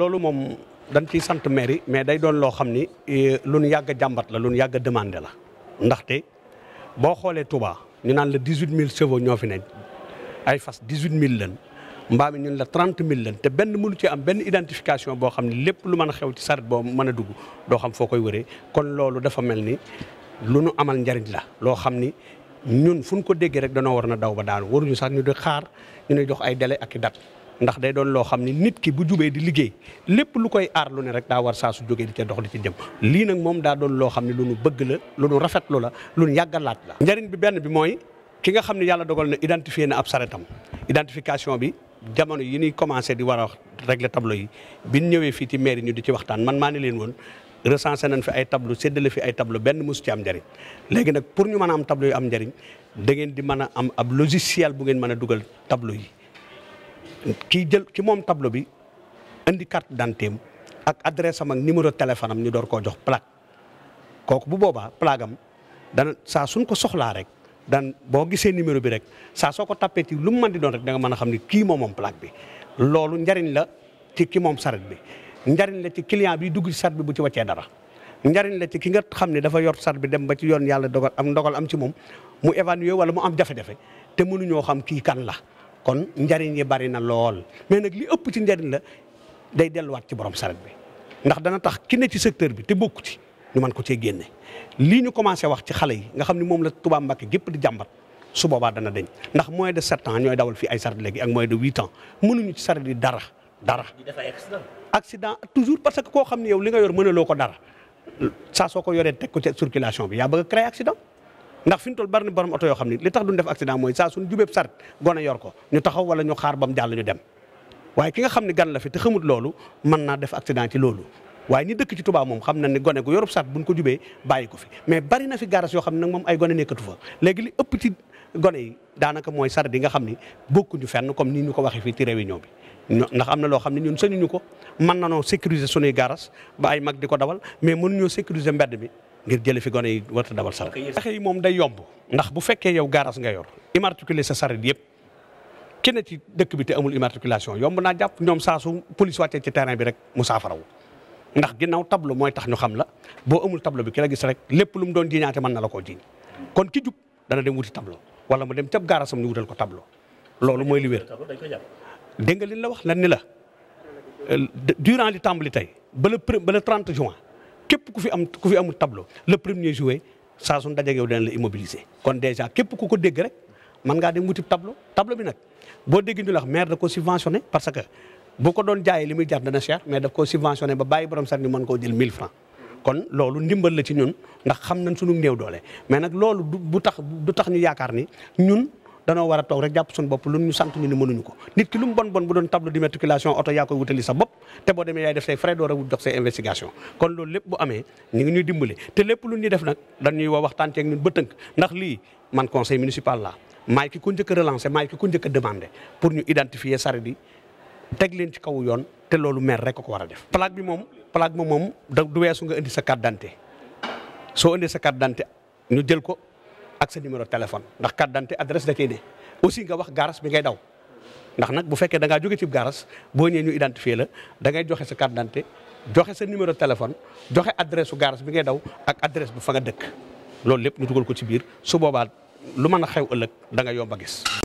loolu moom dañ ciy sant mairie mais day doon loo xam ni eh, lu nu yàgg jàmbat la lu nu yàgg a demandé la ndaxte boo xoolee Touba ñu naan la dix huit mille chevaux ñoo fi ne ay fas dix huit mille lan mbaam yi ñun la trente mille lan te benn mënu ci am benn identification boo xam ni lépp lu mën a xew ci saret boo mën a dugg doo xam foo koy wëree kon loolu dafa mel ni lu nu amal njariñ la loo xam ni ñun fu ñu ko déggee rek danoo war na daw ba daanu waruñu sax ñu di xaar ñu ne jox ay délai ak ndax day doon loo xam ni nit ki bu jubee di liggéey lépp lu koy aar lu ne rek daa war saa su jógee di ca dox di ci jëm lii nag moom daa doon loo xam ne lu nu bëgg la lu nu rafetlu la lu nu yàgg laaj la. njariñ bi benn bi mooy ki nga xam ne yàlla dogal na identifié na ab saretam identification bi jamono yi nuy commencé di war a wax régler tablo yi bi ñu ñëwee fii ci mairie ñu di ci waxtaan man maa ne leen woon. recensé nañ fi ay tableau séddale fi ay tableau benn mosu ci am njëriñ léegi nag pour ñu mën a am tableau yu am njëriñ da ngeen mën a am ab logiciel bu ngeen mën a dugal tableau yi kii jël ki moom tableau bi indi carte d'identité ak adresse am ak numéro téléphone am ñu door koo jox plaque kooku bu boobaa plaque am dana saa suñ ko soxlaa rek dan boo gisee numéro bi rek saa soo ko tapé ti lu mu mën di doon rek danga nga mën a xam ni kii moom moom plaque bi loolu njariñ la ci ki moom saret bi njariñ la ci client bi dugg ci bi bu ci waccee dara njariñ la ci ki nga xam ne dafa yor saret bi dem ba ci yoon yàlla dogal am ndogal am ci moom mu évanoué wala mu am jafe te mënuñoo xam kii kan la kon njariñ yi bari na lool mais nag li ëpp ci njariñ la day delluwaat ci borom saret bi ndax dana tax ki ci secteur bi te bokku ci ñu mën ko cee génne lii ñu commencé wax ci xale yi nga xam ne moom la Touba Mbacké gépp di jàmbat su boobaa dana deñ ndax moins de sept ans ñooy dawal fii ay saret léegi ak moins de huit ans mënuñu ci saret yi dara dara accident toujours parce que koo xam ne yow li nga yor loo ko dara sa soo ko yoree teg ko ci circulation bi yaa bëgg a créer ndax fi ñu toll bari na borom oto yoo xam ni li tax duñ def accident mooy saa suñ jubeeb saret gone yor ñu taxaw wala ñu xaar ba mu jàll ñu dem waaye ki nga xam ne gan la fi te xamut loolu mën naa def accident ci loolu waaye ñi dëkk ci Touba moom xam na ne gone gu yorub saret buñ ko jubee bàyyi ko fi mais bari na fi garas yoo xam ne nag moom ay gone nekkatu fa léegi li ëpp ci gone yi daanaka mooy saret yi nga xam ni bokkuñu fenn comme ni ñu ko waxee fii ci réunion bi ndax am na loo xam ne ñun sañuñu ko mën na noo sécuriser sunuy garas ba ay mag di ko dawal mais mënuñoo sécuriser mbedd mi ngir jëli fi gone yi warta dawal saret pexe yi moom day yomb ndax bu fekkee yow gaaraas nga yor immatriculé sa saret yëpp kenn ci dëkk bi te immatriculation yomb naa jàpp ñoom saa su police wàccee ci terrain bi rek mu saafarawu ndax ginnaaw tableau mooy tax ñu xam la boo amul tableau bi ki la gis rek lépp lu mu doon jiñaate mën na la koo jiñ kon ki jub dana dem wuti tableau wala mu dem cab gaarasam ñu wutal ko tableau loolu mooy li wér dégg nga li la wax lan ne la euh, duran li tàmbali tey ba le 30 juin képp ku fi am ku fi amul tableau le premier joué saa suñ dajeeg yow dina la immobiliser kon déjà képp ku ko dégg rek mën ngaa dem wuti tableau tableau bi nag boo dégg ñu la wax maire da ko subventionné parce que bu ko doon jaayee li muy jar dana cher mais da ko subventionné ba bàyyi borom sax ñu mën koo jël 1000 francs kon loolu ndimbal la ci ñun ndax xam nañ suñu néew doole mais nag loolu du tax du yaakaar ni ñun danoo war a toog rek jàpp suñu bopp lu ñu sant ñu ni mënuñu ko nit ki lu mu bon bon bu doon tableau d'immatriculation oto yaa koy wutali sa bopp te boo demee yaay def say frais door a wut dox say investigation kon loolu lépp bu amee ñu ngi ñuy dimbale te lépp lu ñuy def nag dañuy woo waxtaan ceeg ñun ba tënk ndax lii man conseil municipal la maay ki ku jëkk a relancé maay ki ko njëkk a demandé pour ñu identifier saret yi teg leen ci kaw yoon te loolu maire rek ko war a def plaque bi moom plaque bi moom du weesu nga indi sa carte d'identité soo indi sa carte d'identité ñu jël ko ak sa numéro téléphone ndax carte d'identité adresse da cay ne aussi nga wax garas bi ngay daw ndax nag bu fekkee da ngaa jóge ci garas boo ñëwee ñu identifier la dangay joxe sa carte d'identité joxe sa numéro téléphone joxe adresse su garas bi ngay daw ak adresse bu fa nga dëkk loolu lépp ñu dugal ko ci biir su boobaa lu man a xew ëllëg danga nga yomb a gis.